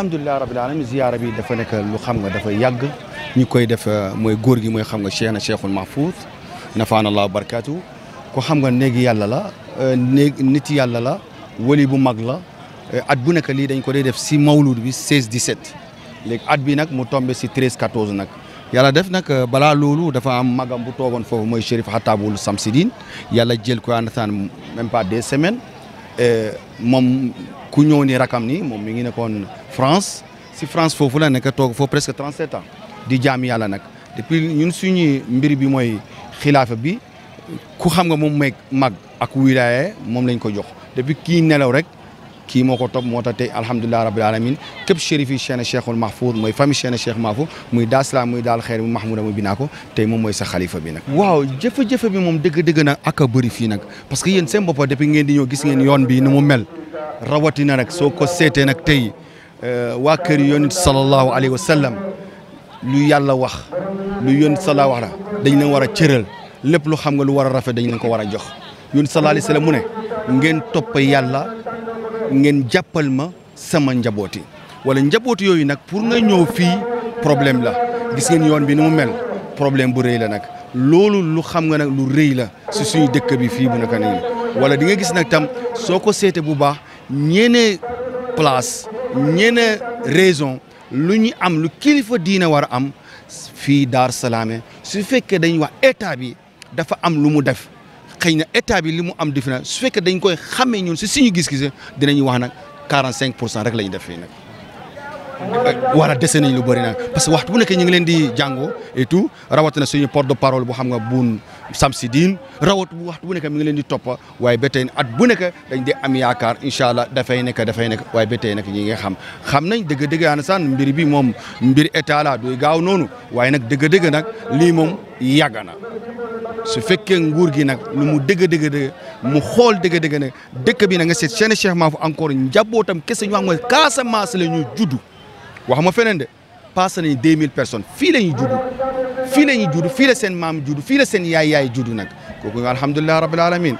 alhamdulilah rabil alamin ziyaara bi dafa nekk lu xam ga dafa yàgg ñu koy def euh, mooy góor gi mooy xam nga cheikh na cheikhul mahfouz nafaanallahu barkaatu ko xam nga néegi yàlla la euh, néeg nit yàlla la wali bu mag la euh, at bu nekk lii dañ ko dee def si mawlud bi 16 17 léegi at bi nag mu tombé si 13 14 nag yalla def nag balaa loolu dafa am magam bu toogoon foofu mooy Chérif Hatabul Samsidine yalla jël ko àndataan même pas deux semaines moom ku ñëw ni rakam ni moom mi ngi nekkoon France si France foofu la nekk toog foofu presque 37 ans di jaam yàlla nag depuis ñun suñu mbir bi mooy xilaafa bi ku xam nga moom mooy mag ak wilaaye moom lañ ko jox depuis kii nelaw rek kii moo ko topp moo tax tey alhamdulilah rabbil alamin képp chérif yi Cheikh Cheikhul Mahfoud mooy famille Cheikh Cheikh Mahfoud muy daasla muy daal xeer mu Mahmouda mu binaa ko tey moom mooy sa xalifa bi nag waaw jafe-jafe bi moom dëgg-dëgg nag ak a bëri fii nag par que yéen seen boppa depuis ngeen di ñëw gis ngeen yoon bi ni mu mel rawatina nag soo ko seetee nag tey Euh, waa kër yonent sallallahu alayhi wa sallam lu yàlla wax lu yonent sallallahu wax dañ leen war a cëral lépp lu xam nga lu war a rafet dañ leen ko war a jox yonent sallallahu alayhi mu ne ngeen topp yàlla ngeen jàppal ma sama njabooti wala njabooti yooyu nag pour nga ñëw fii problème la gis ngeen yoon bi ni mu mel problème bu rëy la nag loolu lu xam nga nag lu rëy la si suñu dëkk bi fii bu naka nii wala di gis nag tam soo ko seete bu baax ñeneen place ñene raison lu ñu am lu kilifa diine war a am fii Darou Salaam su fekkee dañ wax état bi dafa am lu mu def xëy na état bi li mu am def na su fekkee dañ koy xamee ñun si suñu gis-gis dinañu wax nag 45 pour cent rek la ñu def nag. war a dese nañ lu bëri nag parce que waxtu bu nekkee ñu ngi leen di jàngoo et tout rawatina suñu porte de parole boo xam nga buun Samsidine rawat bu waxtu bu nekk mi ngi leen di toppa waaye ba at bu nekk dañ am yaakaar incha allah dafay nekk dafay nekk waaye ba tey nag ñi nga xam xam nañ dëgg-dëgg yaa san mbir bi moom mbir état la doy gaaw noonu waaye nag dëgg-dëgg nag lii moom yàgg na su fekkee nguur gi nag lu mu dëgg dëgg mu xool dëgg dëgg nag dëkk bi na nga seet seen Cheikh Mahfou encore njabootam kese ñu xam nga Casamance la ñu juddu wax ma feneen de passé nañu deux mille personnes fii la ñuy judd fii la ñuy judd fii la seen maam judd fii la seen yaay yaay judd nag kooku alhamdulilah rabbil alamin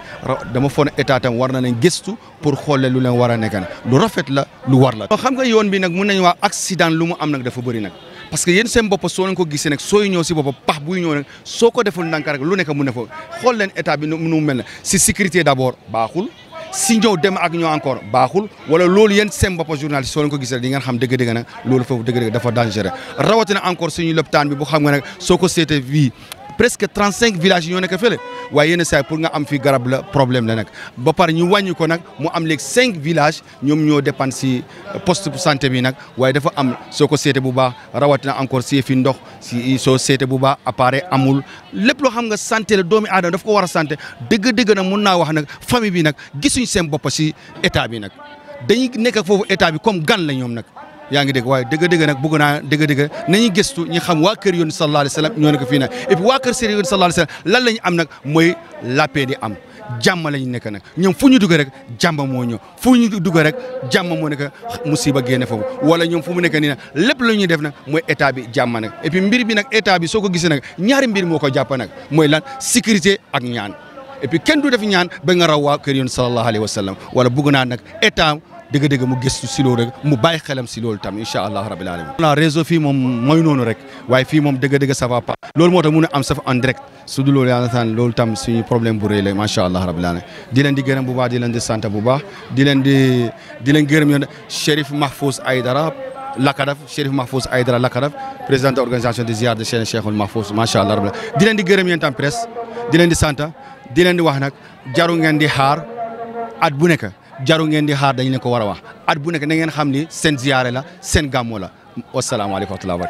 dama foog ne état tam war na leen gëstu pour xoole lu leen war a nekk lu rafet la lu war la. xam nga yoon bi nag mun nañu wax accident lu mu am nag dafa bëri nag parce que yéen seen bopp soo ko gisee nag sooy ñëw si bopp pax buy ñëw nag soo ko deful ndànk rek lu nekk mu ne fa xool leen état bi nu mu mel ne si sécurité d' abord baaxul. si njow dem ak ñoo encore baaxul wala loolu yéen seen bopp journaliste soo leen ko gisee di ngeen xam dëgg-dëgg nag loolu foofu dëgg-dëgg dafa dangereux rawatina encore suñu loptaan bi bu xam nga nag soo ko seetee fii presque trente cinq villages yi ñoo nekk fële waaye yenn saa pour nga am fi garab la problème la nag ba pare ñu wàññi ko nag mu am léegi cinq village ñoom ñoo dépendre si euh, poste santé bi nag waaye dafa am soo ko seete bu baax rawatina encore si fi ndox si soo seete bu baax appareil amul lépp loo xam nga santé la doomi aadama daf ko war a sante dëgg-dëgg nag mun naa wax nag famille bi nag gisuñ seen bopp si état bi nag dañuy nekk foofu état bi comme gan la ñoom nag yaa ngi dégg waaye dëgg-dëgg nag bëgg naa dëgg-dëgg nañu gëstu ñu xam waa kër yoon sallallahu alayhi wasallam ñoo nekk fii nag et puis waa kër seen yoon sallallahu alayhi wasallam lan la ñu am nag mooy lappee di am jàmm la ñu nekk nag ñoom fu ñu dugg rek jàmm moo ñëw fu ñu dugg rek jàmm moo nekk musiba génne foofu wala ñoom fu mu nekk nii nag lépp la ñuy def nag mooy état bi jàmm nag et puis mbir bi nag état bi soo ko gisee nag ñaari mbir moo ko jàpp nag mooy lan sécurité ak ñaan et kenn du def ñaan ba nga raw waa kër yoon sallallahu alayhi wasallam wala bëgg naa nag dëgg-dëgg mu loolu rek mu bàyyi xelam si loolu tam incha allah rabil alamin na réseau fii mooy noonu rek waaye fii moom dëgg-dëgg ça loolu moo tax mun a am saf en direct su loolu yàlla tam suñu problème bu rëy la macha allah rabil alamin di leen di gërëm bu baax di leen di sant bu baax di leen di di leen gërëm yoon Chérif Mahfouz Aïdara Lakadaf Chérif Mahfouz Aïdara Lakadaf président de organisation de ziar de Cheikh Cheikhul Mahfouz macha allah rabil alamin di leen di gërëm yéen tam presse di leen di sant di leen di wax nag jaru ngeen di xaar at bu nekk jaru ngeen di xaar dañ ne ko war a wax at bu nekk na ngeen xam ni seen ziyaare la seen gàmmu la wasalaamaaleykum wa rahmatulah